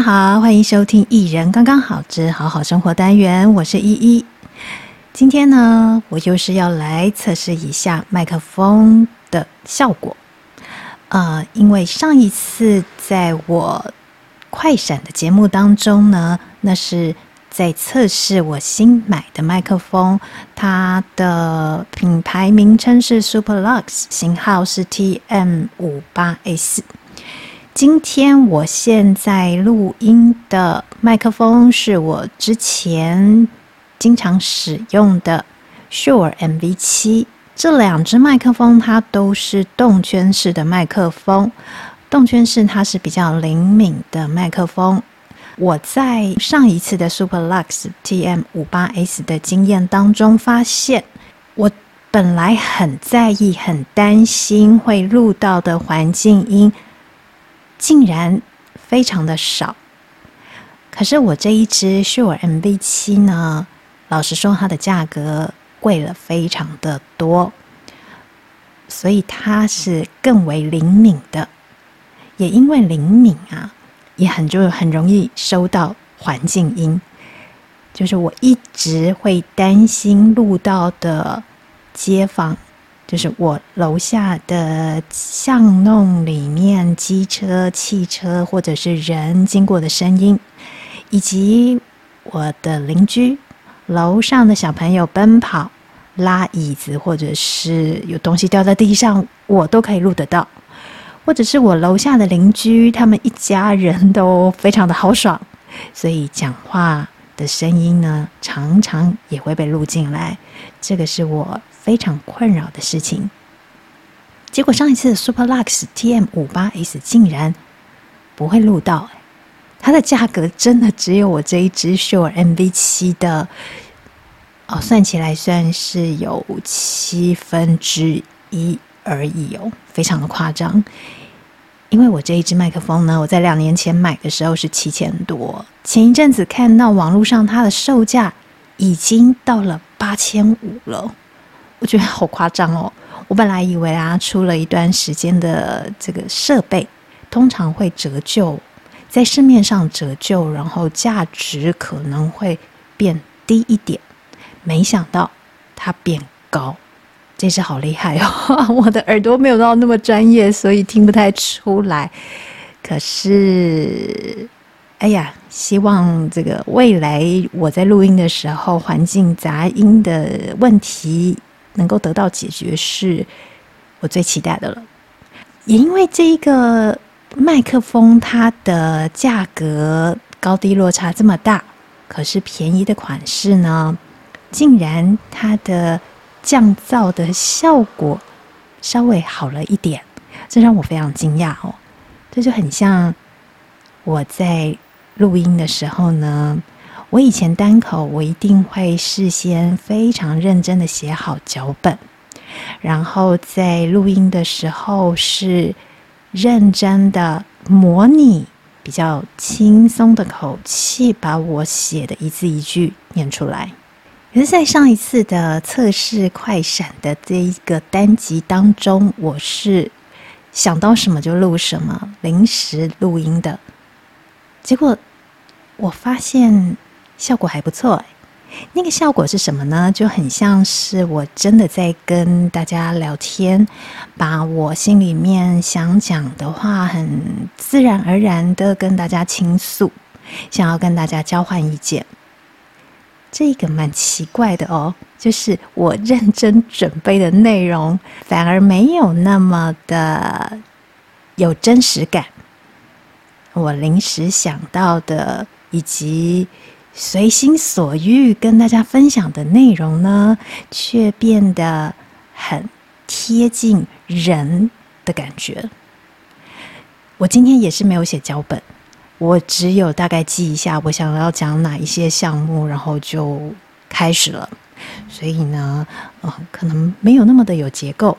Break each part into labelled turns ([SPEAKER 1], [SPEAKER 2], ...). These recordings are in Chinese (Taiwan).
[SPEAKER 1] 大家好，歡迎收聽《一人剛剛好之好好生活》單元，我是依依。今天呢，我就是要來測試一下麥克風的效果。呃，因為上一次在我快閃的節目當中呢，那是在測試我新買的麥克風，它的品牌名稱是 Superlux，型號是 TM 五八 A。今天我現在錄音的麥克風是我之前經常使用的 Shure MV 七。這兩隻麥克風它都是動圈式的麥克風，動圈式它是比較靈敏的麥克風。我在上一次的 Superlux TM 五八 S 的經驗當中發現，我本來很在意、很擔心會錄到的環境音。竟然非常的少，可是我這一支 Shure MV 七呢，老實說它的價格貴了非常的多，所以它是更為靈敏的，也因為靈敏啊，也很就很容易收到環境音，就是我一直會擔心錄到的街坊。就是我樓下的巷弄裡面，機車、汽車或者是人經過的聲音，以及我的鄰居樓上的小朋友奔跑、拉椅子，或者是有東西掉在地上，我都可以錄得到。或者是我樓下的鄰居，他們一家人都非常的豪爽，所以講話的聲音呢，常常也會被錄進來。這個是我。非常困擾的事情。結果上一次的 Superlux TM 五八 S 竟然不會錄到，欸，它的價格真的只有我這一支 Shure MV 七的哦，算起來算是有七分之一而已哦，非常的誇張。因為我這一支麥克風呢，我在兩年前買的時候是七千多，前一陣子看到網絡上它的售價已經到了八千五了。我覺得好誇張哦！我本來以為啊，出了一段時間的這個設備，通常會折舊，在市面上折舊，然後價值可能會變低一點。沒想到它變高，這是好厲害哦！ 我的耳朵沒有到那麼專業，所以聽不太出來。可是，哎呀，希望這個未來我在錄音的時候，環境雜音的問題。能夠得到解決，是我最期待的了。也因為這一個麥克風，它的價格高低落差這麼大，可是便宜的款式呢，竟然它的降噪的效果稍微好了一點，這讓我非常驚訝哦。這就很像我在錄音的時候呢。我以前單口，我一定會事先非常認真的寫好腳本，然後在錄音的時候是認真的模擬比較輕鬆的口氣，把我寫的一字一句念出來。可是，在上一次的測試快閃的這一個單集當中，我是想到什麼就錄什麼，臨時錄音的，結果我發現。效果還不錯誒，那個效果是什麼呢？就很像是我真的在跟大家聊天，把我心裡面想講的話，很自然而然地跟大家傾訴，想要跟大家交換意見。這個蠻奇怪的哦，就是我認真準備的內容，反而沒有那麼的有真實感。我臨時想到的以及。隨心所欲跟大家分享的內容呢，卻變得很貼近人的感覺。我今天也是沒有寫腳本，我只有大概記一下我想要講哪一些項目，然後就開始了。所以呢，哦，可能沒有那麼的有結構，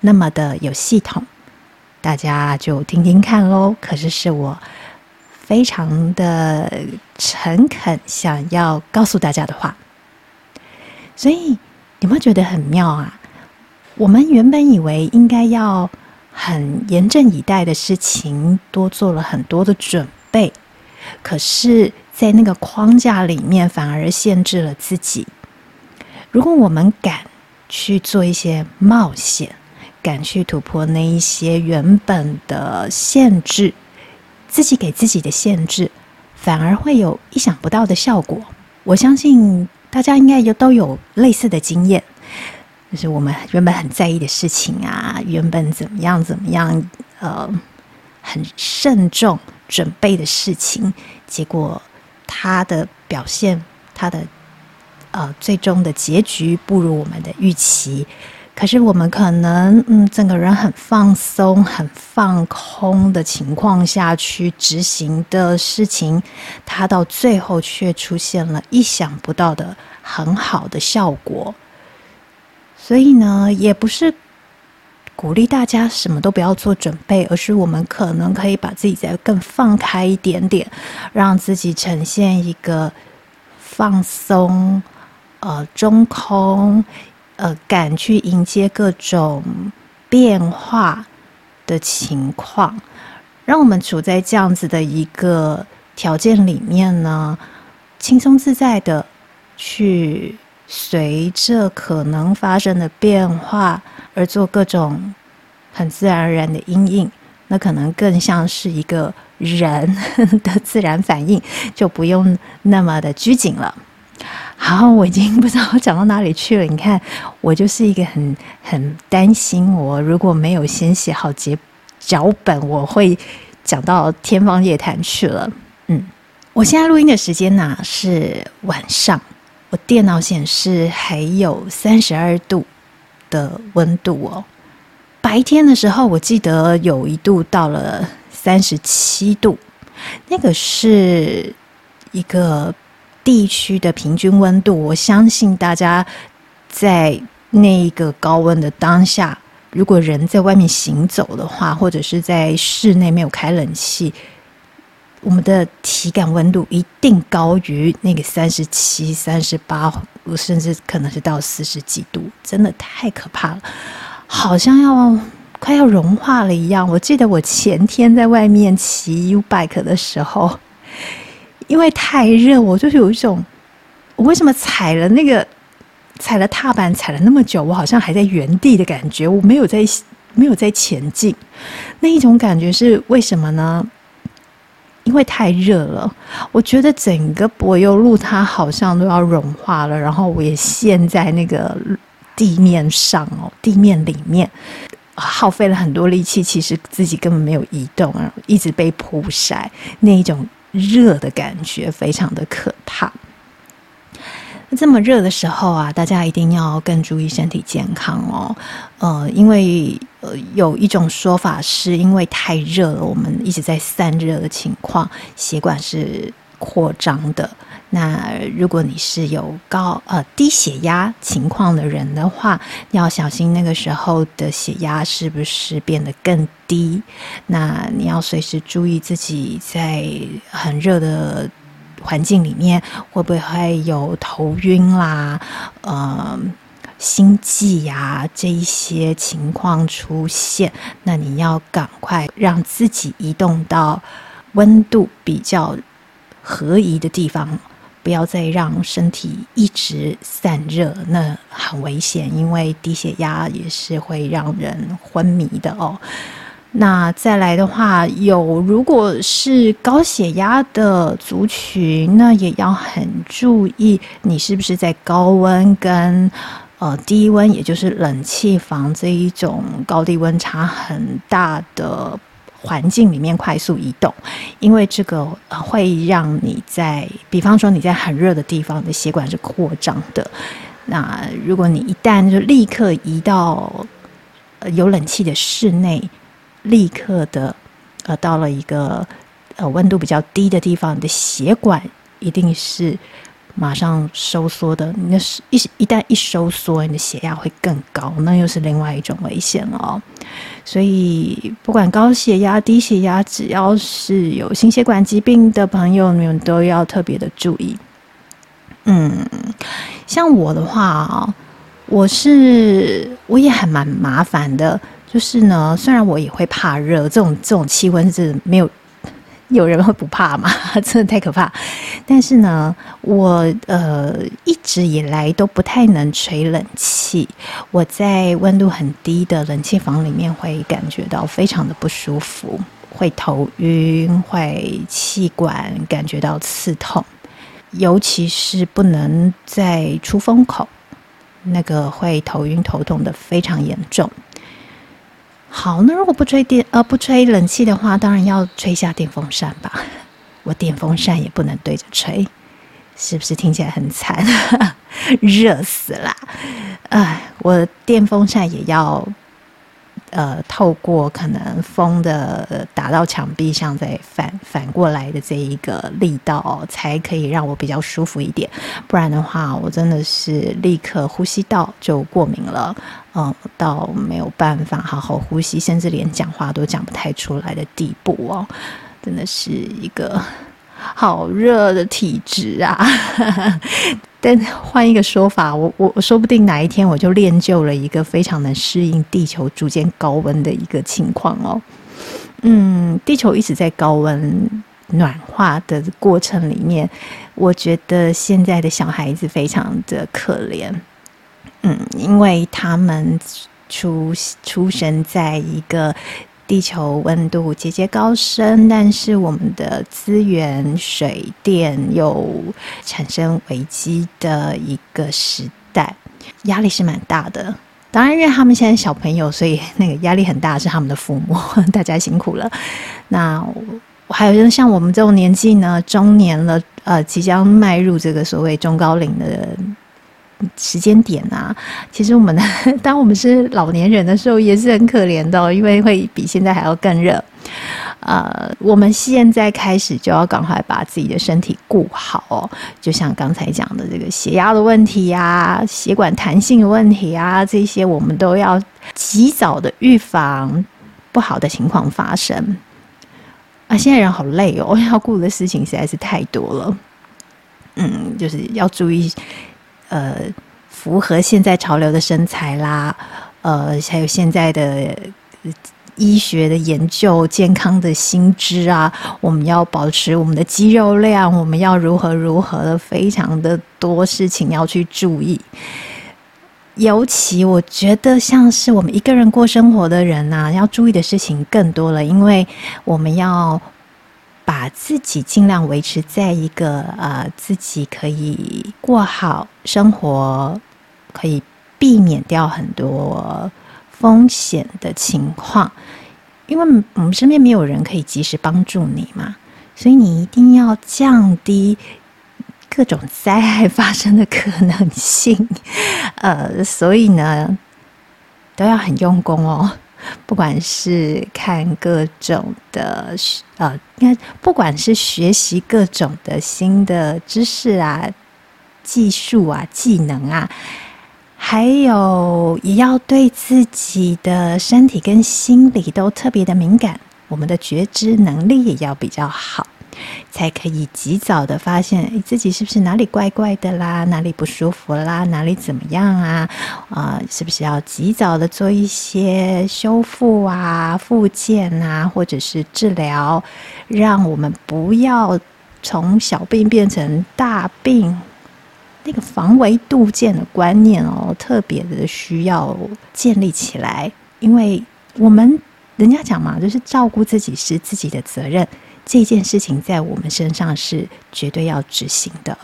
[SPEAKER 1] 那麼的有系統，大家就聽聽看嘍。可是是我。非常的誠懇，想要告訴大家的話，所以有沒有覺得很妙啊？我們原本以為應該要很嚴陣以待的事情，多做了很多的準備，可是，在那個框架裡面，反而限制了自己。如果我們敢去做一些冒險，敢去突破那一些原本的限制。自己給自己的限制，反而會有意想不到的效果。我相信大家應該都有類似的經驗，就是我們原本很在意的事情啊，原本怎麼樣怎麼樣，呃，很慎重準備的事情，結果他的表現，他的呃最終的結局不如我們的預期。可是我們可能，嗯，整個人很放鬆、很放空的情況下去執行的事情，它到最後卻出現了意想不到的很好的效果。所以呢，也不是鼓勵大家什麽都不要做準備，而是我們可能可以把自己再更放開一點點，讓自己呈現一個放鬆、呃中空。呃，敢去迎接各種變化的情況，讓我們處在這樣子的一個條件裡面呢，輕鬆自在的去隨着可能發生的變化而做各種很自然而然的因應，那可能更像是一個人的自然反應，就不用那麼的拘謹了。好，我已經不知道講到哪裡去了。你看，我就是一個很很擔心，我如果沒有先寫好節腳本，我會講到天方夜譚去了。嗯，我現在錄音的時間呢、啊、是晚上，我電腦顯示還有三十二度的溫度哦。白天的時候，我記得有一度到了三十七度，那個是一個。地區的平均溫度，我相信大家在那個高溫的當下，如果人在外面行走的話，或者是在室內沒有開冷氣，我們的體感溫度一定高於那個三十七、三十八，甚至可能是到四十幾度，真的太可怕了，好像要快要融化了一樣。我記得我前天在外面騎 U bike 的時候，因為太熱，我就是有一種，我為什麼踩了那個踩了踏板踩了那麼久，我好像還在原地的感覺，我沒有在沒有在前進，那一種感覺是為什麼呢？因為太熱了，我覺得整個柏油路它好像都要融化了，然後我也陷在那個地面上哦，地面裡面耗費了很多力氣，其實自己根本沒有移動啊，一直被曝曬那一種。熱的感覺非常的可怕。那這麼熱的時候啊，大家一定要更注意身體健康哦。呃，因為呃有一種說法是因為太熱了，我們一直在散熱的情況，血管是擴張的。那如果你是有高呃低血壓情況的人的話，你要小心那個時候的血壓是不是變得更低？那你要隨時注意自己在很熱的環境裡面會不會有頭暈啦、呃心悸呀，這一些情況出現？那你要趕快讓自己移動到溫度比較合宜的地方。不要再讓身體一直散熱，那很危險，因為低血壓也是會讓人昏迷的哦。那再來的話，有如果是高血壓的族群，那也要很注意，你是不是在高溫跟呃低溫，也就是冷氣房這一種高低溫差很大的。環境裡面快速移動，因為這個、呃、會讓你在，比方說你在很熱的地方，你的血管是擴張的。那如果你一旦就立刻移到、呃、有冷氣的室內，立刻的呃到了一個呃溫度比較低的地方，你的血管一定是。馬上收縮的，你是一一,一旦一收縮，你的血壓會更高，那又是另外一種危險哦。所以，不管高血壓、低血壓，只要是有心血管疾病的朋友你們，都要特別的注意。嗯，像我的話哦，我是我也還蠻麻煩的，就是呢，雖然我也會怕熱，這種這種氣溫是沒有。有人會不怕嗎？ 真的太可怕。但是呢，我呃一直以來都不太能吹冷氣。我在溫度很低的冷氣房裡面會感覺到非常的不舒服，會頭暈，會氣管感覺到刺痛，尤其是不能在出風口，那個會頭暈頭痛得非常嚴重。好，那如果不吹電呃不吹冷氣的話，當然要吹下電風扇吧。我電風扇也不能對着吹，是不是聽起來很慘？ 熱死了！哎，我電風扇也要。呃，透過可能風的打到牆壁上，再反反過來的這一個力道哦，才可以讓我比較舒服一點。不然的話，我真的是立刻呼吸道就過敏了，嗯，到沒有辦法好好呼吸，甚至連講話都講不太出來的地步哦，真的是一個。好熱的體質啊！ 但換一個說法，我我說不定哪一天我就練就了一個非常能適應地球逐漸高溫的一個情況哦。嗯，地球一直在高溫暖化的過程裡面，我覺得現在的小孩子非常的可憐。嗯，因為他們出出生在一個。地球溫度節節高升，但是我們的資源、水電又產生危機的一個時代，壓力是蠻大的。當然，因為他們現在小朋友，所以那個壓力很大是他們的父母，大家辛苦了。那還有就是像我們這種年紀呢，中年了，呃，即將邁入這個所謂中高齡的人。時間點啊，其實我們呢，當我們是老年人的時候，也是很可憐的哦，因為會比現在還要更熱。呃，我們現在開始就要趕快把自己的身體顧好哦，就像剛才講的這個血壓的問題呀，啊，血管彈性的問題啊，這些我們都要及早的預防不好的情況發生。啊，現在人好累哦，要顧的事情實在是太多了。嗯，就是要注意。呃，符合現在潮流的身材啦，呃，還有現在的醫學的研究、健康的新知啊，我們要保持我們的肌肉量，我們要如何如何的，非常的多事情要去注意。尤其我覺得，像是我們一個人過生活的人吶、啊，要注意的事情更多了，因為我們要。把自己盡量維持在一個，呃，自己可以過好生活，可以避免掉很多風險的情況，因為我們身邊沒有人可以及時幫助你嘛，所以你一定要降低各種災害發生的可能性。呃，所以呢，都要很用功哦。不管是看各種的，呃，應該不管是學習各種的新的知識啊、技術啊、技能啊，還有也要對自己的身體跟心理都特別的敏感，我們的覺知能力也要比較好。才可以及早的發現，自己是不是哪裡怪怪的啦，哪裡不舒服啦，哪裡怎麼樣啊？啊、呃，是不是要及早的做一些修復啊、復健啊，或者是治療，讓我們不要從小病變成大病。那個防微杜漸的觀念哦，特別的需要建立起來，因為我們人家講嘛，就是照顧自己是自己的責任。這件事情在我們身上是絕對要執行的，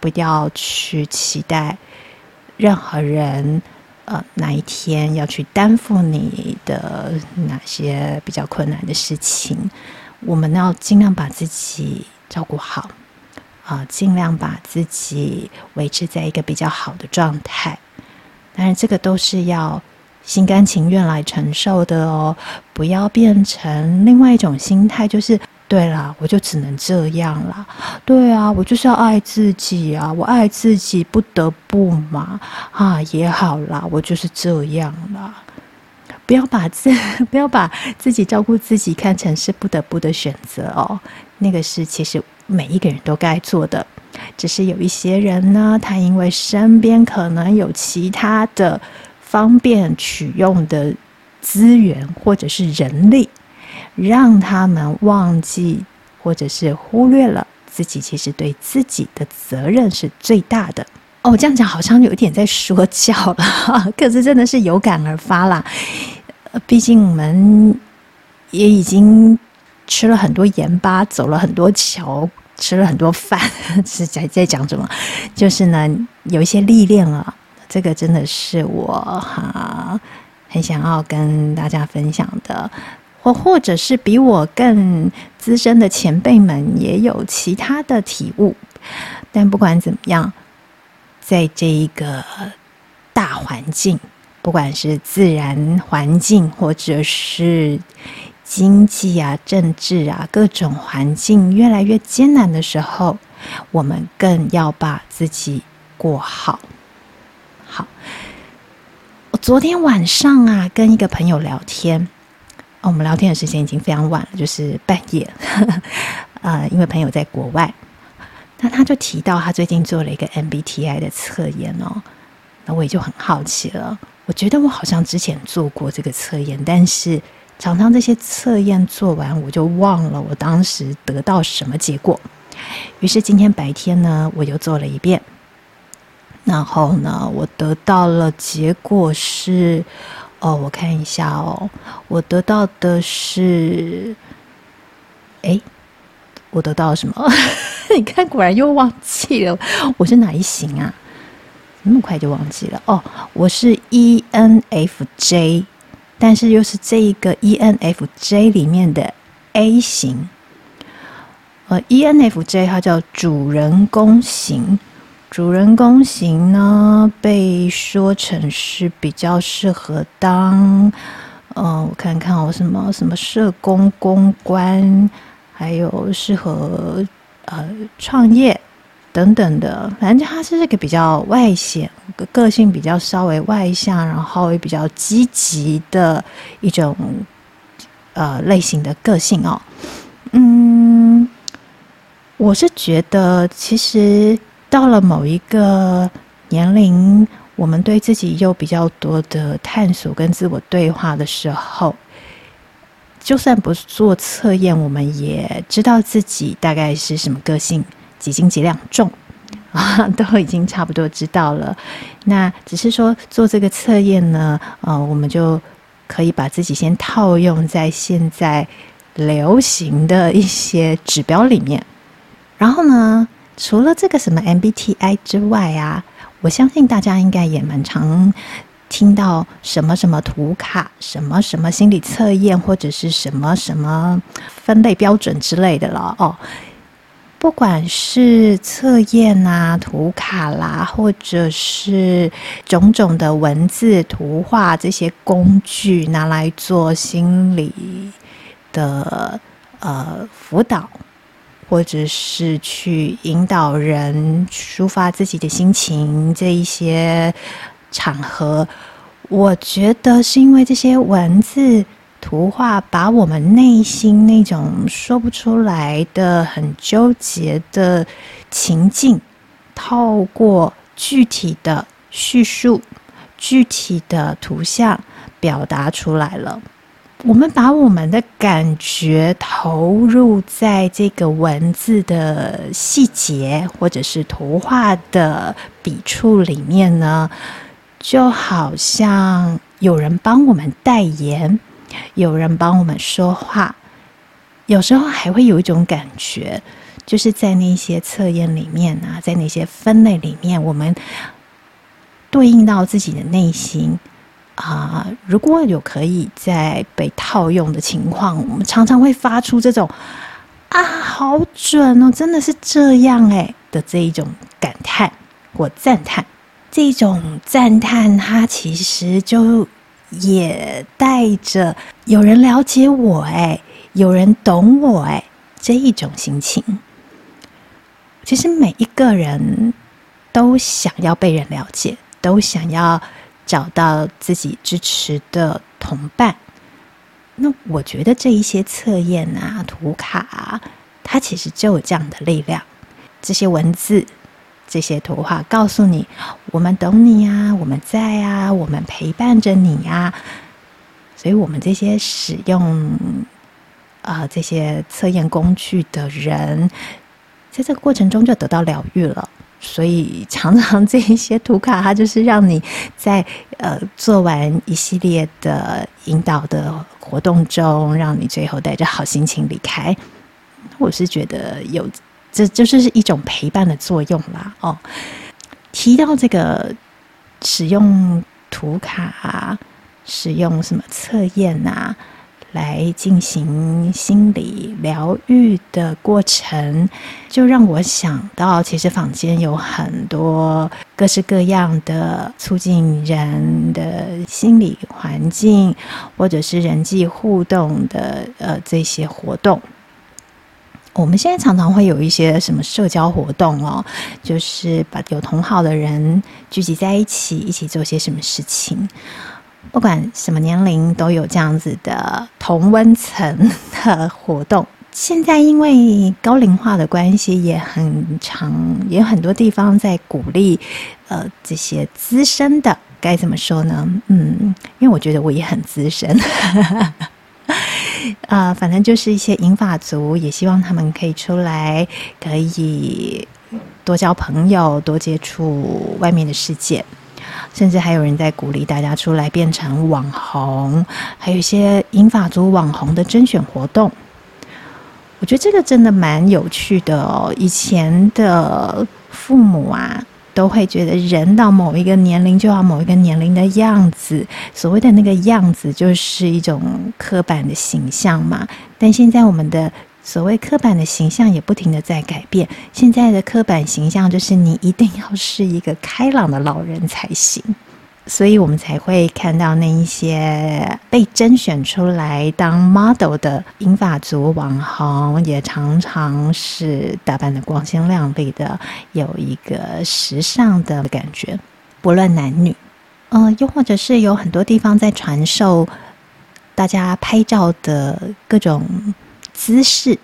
[SPEAKER 1] 不要去期待任何人呃，哪一天要去擔負你的哪些比較困難的事情。我們要盡量把自己照顧好啊、呃，盡量把自己維持在一個比較好的狀態。當然，這個都是要心甘情願來承受的哦，不要變成另外一種心態，就是。對啦，我就只能這樣啦。對啊，我就是要愛自己啊！我愛自己，不得不嘛。啊，也好啦，我就是這樣啦。不要把自，不要把自己照顧自己看成是不得不的選擇哦。那個是其實每一個人都該做的，只是有一些人呢，他因為身邊可能有其他的方便取用的資源或者是人力。讓他們忘記，或者是忽略了自己，其實對自己的責任是最大的。哦，這樣講好像有一點在說教了，可是真的是有感而發啦。畢竟我們也已經吃了很多鹽巴，走了很多橋，吃了很多飯，是在在講什麼？就是呢，有一些歷練啊，這個真的是我哈、啊、很想要跟大家分享的。或或者是比我更資深的前輩們也有其他的體悟，但不管怎麼樣，在這一個大環境，不管是自然環境或者是經濟啊、政治啊、各種環境越來越艱難的時候，我們更要把自己過好。好，我昨天晚上啊，跟一個朋友聊天。哦，我們聊天的時間已經非常晚了，就是半夜，呵呵，呃，因為朋友在國外，那他就提到他最近做了一個 MBTI 的測驗哦。那我也就很好奇了，我覺得我好像之前做過這個測驗，但是常常這些測驗做完我就忘了我當時得到什麼結果。於是今天白天呢，我又做了一遍，然後呢，我得到了結果是。哦，我看一下哦，我得到的是，哎，我得到了什麼？ 你看，果然又忘記了，我是哪一型啊？那麼快就忘記了？哦，我是 E N F J，但是又是這一個 E N F J 裡面的 A 型。呃，E N F J 它叫主人公型。主人公型呢，被說成是比較適合當，呃，我看看我、哦、什麼什麼社工、公關，還有適合呃創業等等的。反正他是這個比較外顯，個、個性比較稍微外向，然後也比較積極的一種呃類型的個性哦。嗯，我是覺得其實。到了某一個年齡，我們對自己有比較多的探索跟自我對話的時候，就算不做測驗，我們也知道自己大概是什麼個性，幾斤幾兩重啊，都已經差不多知道了。那只是說做這個測驗呢，呃，我們就可以把自己先套用在現在流行的一些指標裡面，然後呢？除了這個什麼 MBTI 之外啊，我相信大家應該也蠻常聽到什麼什麼圖卡、什麼什麼心理測驗或者是什麼什麼分類標準之類的了哦。不管是測驗啊、圖卡啦，或者是種種的文字、圖畫這些工具，拿來做心理的呃輔導。或者是去引導人抒發自己的心情，這一些場合，我覺得是因為這些文字、圖畫把我們內心那種說不出來的、很糾結的情境，透過具體的敘述、具體的圖像表達出來了。我們把我們的感覺投入在這個文字的細節，或者是圖畫的筆觸裡面呢，就好像有人幫我們代言，有人幫我們說話。有時候還會有一種感覺，就是在那些測驗裡面啊，在那些分類裡面，我們對應到自己的內心。啊，如果有可以再被套用的情況，我們常常會發出這種“啊，好準哦，真的是這樣哎”的這一種感嘆，或讚嘆。這種讚嘆，它其實就也帶着有人了解我，哎，有人懂我哎，哎，這一種心情。其實每一個人都想要被人了解，都想要，找到自己支持的同伴，那我覺得這一些測驗啊、圖卡啊，它其實就有這樣的力量。這些文字、這些圖畫，告訴你，我們懂你呀、啊，我們在啊，我們陪伴着你呀、啊。所以，我們這些使用啊、呃、這些測驗工具的人，在這個過程中就得到療癒了。所以常常這一些圖卡，它就是讓你在呃做完一系列的引導的活動中，讓你最後帶着好心情離開。我是覺得有，這就是一種陪伴的作用啦。哦，提到這個使用圖卡啊，使用什麼測驗啊？來進行心理療癒的過程，就讓我想到，其實坊間有很多各式各樣的促進人的心理環境或者是人際互動的，呃，這些活動。我們現在常常會有一些什麼社交活動哦，就是把有同好的人聚集在一起，一起做些什麼事情。不管什麼年齡，都有這樣子的同溫層的活動。現在因為高齡化的關係也，也很常有很多地方在鼓勵，呃，這些資深的該怎麼說呢？嗯，因為我覺得我也很資深，啊、 呃，反正就是一些銀髮族，也希望他們可以出來，可以多交朋友，多接觸外面的世界。甚至還有人在鼓勵大家出來變成網紅，還有一些銀髮族網紅的甄選活動。我覺得這個真的蠻有趣的哦。以前的父母啊，都會覺得人到某一個年齡就要某一個年齡的樣子，所謂的那個樣子就是一種刻板的形象嘛。但現在我們的。所謂刻板的形象也不停的在改變。現在的刻板形象就是你一定要是一個開朗的老人才行，所以我們才會看到那一些被甄選出來當 model 的銀髮族網紅，也常常是打扮的光鮮亮麗的，有一個時尚的感覺，不論男女。呃、嗯，又或者是有很多地方在傳授大家拍照的各種。姿勢，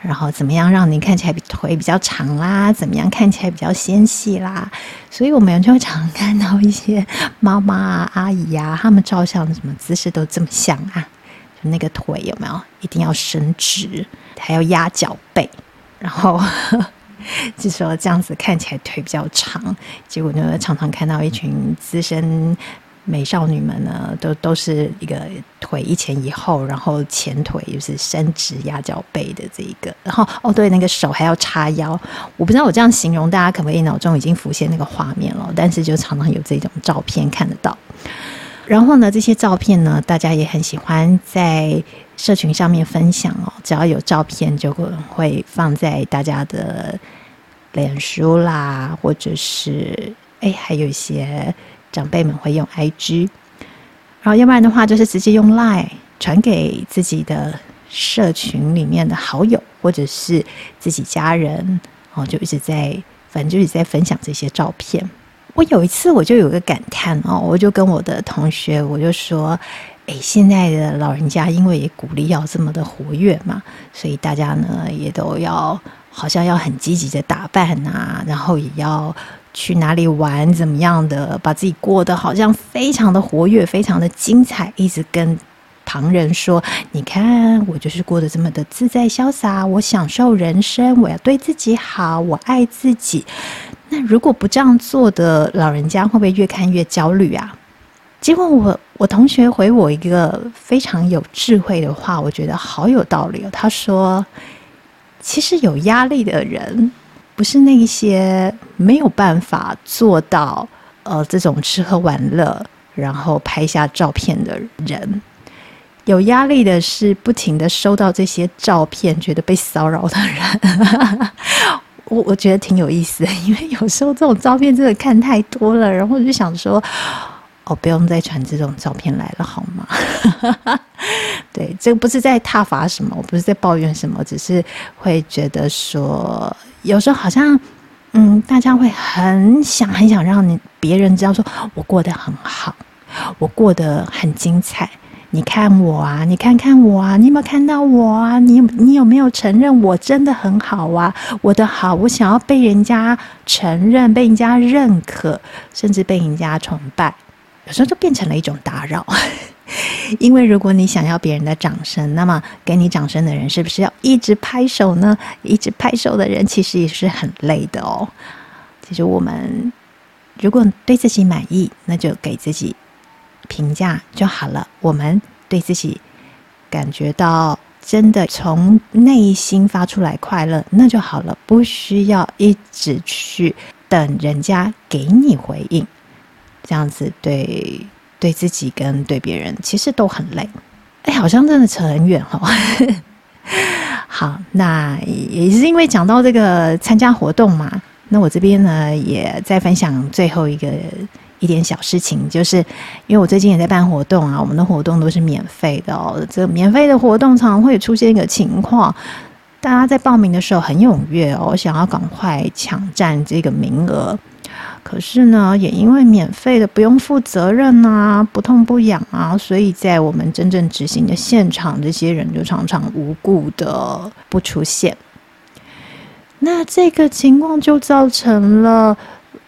[SPEAKER 1] 然後怎麼樣讓你看起來比腿比較長啦，怎麼樣看起來比較纖細啦，所以我們就會常常看到一些媽媽啊、阿姨啊，他們照相的什麼姿勢都這麼像啊。就那個腿有沒有一定要伸直，還要壓腳背，然後就說這樣子看起來腿比較長。結果呢，常常看到一群資深美少女們呢，都都是一個腿一前一後，然後前腿就是伸直壓腳背的這一個，然後哦，對，那個手還要叉腰。我不知道我這樣形容，大家可不可以腦中已經浮現那個畫面了？但是就常常有這種照片看得到。然後呢，這些照片呢，大家也很喜歡在社群上面分享哦。只要有照片，就會會放在大家的臉書啦，或者是哎，還有一些。長輩們會用 IG，然後要不然的話就是直接用 Line 傳給自己的社群裡面的好友，或者是自己家人，哦，就一直在，反正就是在分享這些照片。我有一次我就有個感嘆哦，我就跟我的同學我就說，哎，現在的老人家因為也鼓勵要這麼的活躍嘛，所以大家呢也都要好像要很積極的打扮啊，然後也要。去哪裡玩？怎麼樣的？把自己過得好像非常的活躍，非常的精彩，一直跟旁人說：“你看，我就是過得這麼的自在瀟灑，我享受人生，我要對自己好，我愛自己。”那如果不這樣做的老人家，會不會越看越焦慮啊？結果我我同學回我一個非常有智慧的話，我覺得好有道理哦，他說：“其實有壓力的人。”不是那一些沒有辦法做到，呃，這種吃喝玩樂，然後拍下照片的人，有壓力的是不停地收到這些照片，覺得被騷擾的人。 我我覺得挺有意思的，因為有時候這種照片真的看太多了，然後我就想說，哦，不用再傳這種照片來了，好嗎？ 對，這個不是在撻伐什麼，我不是在抱怨什麼，只是會覺得說，有時候好像，嗯，大家會很想很想讓你別人知道說，說我過得很好，我過得很精彩。你看我啊，你看看我啊，你有沒有看到我啊？你你有沒有承認我真的很好啊？我的好，我想要被人家承認，被人家認可，甚至被人家崇拜。有時候就變成了一種打擾。因為如果你想要別人的掌聲，那麼給你掌聲的人是不是要一直拍手呢？一直拍手的人其實也是很累的哦。其實我們如果對自己滿意，那就給自己評價就好了。我們對自己感覺到真的從內心發出來快樂，那就好了，不需要一直去等人家給你回應。這樣子對。對自己跟對別人，其實都很累。哎，好像真的扯很遠哦。 好，那也是因為講到這個參加活動嘛，那我這邊呢也在分享最後一個一點小事情，就是因為我最近也在辦活動啊，我們的活動都是免費的哦。這免費的活動常常會出現一個情況，大家在報名的時候很踴躍哦，想要趕快搶占這個名額。可是呢，也因為免費的不用負責任啊，不痛不癢啊，所以在我們真正執行的現場，這些人就常常無故的不出現。那這個情況就造成了，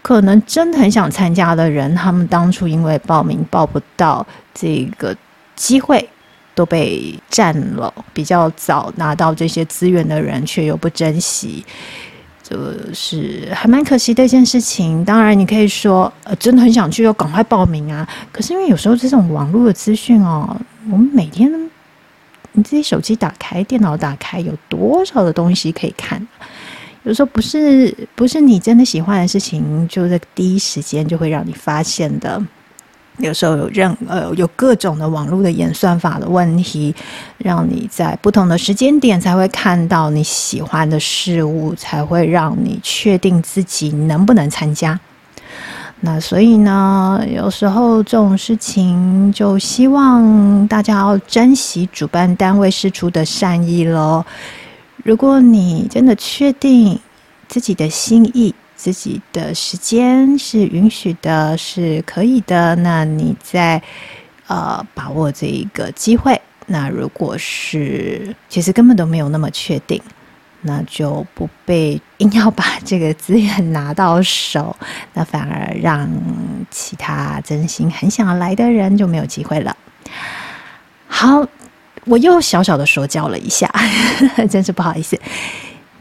[SPEAKER 1] 可能真的很想參加的人，他們當初因為報名報不到這個機會，都被佔了。比較早拿到這些資源的人，卻又不珍惜。就是還蠻可惜的一件事情。當然，你可以說，呃，真的很想去，要趕快報名啊。可是因為有時候這種網絡的資訊哦，我們每天你自己手機打開、電腦打開，有多少的東西可以看？有時候不是不是，你真的喜歡的事情，就在第一時間就會讓你發現的。有時候有任，呃，有各種的網絡的演算法的問題，讓你在不同的時間點才會看到你喜歡的事物，才會讓你確定自己能不能參加。那所以呢，有時候這種事情就希望大家要珍惜主辦單位釋出的善意嘍。如果你真的確定自己的心意。自己的時間是允許的，是可以的。那你再呃把握這一個機會。那如果是其實根本都沒有那麼確定，那就不被硬要把這個資源拿到手，那反而讓其他真心很想要來的人就沒有機會了。好，我又小小的說教了一下， 真是不好意思。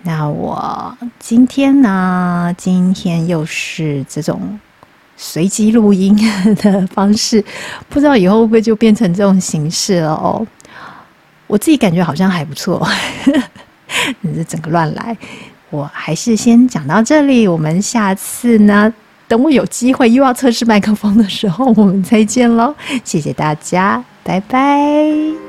[SPEAKER 1] 那我今天呢？今天又是這種隨機錄音的方式，不知道以後會不會就變成這種形式了哦。我自己感覺好像還不錯，哦，你 這整個亂來，我還是先講到這裡。我們下次呢，等我有機會又要測試麥克風的時候，我們再見嘍！謝謝大家，拜拜。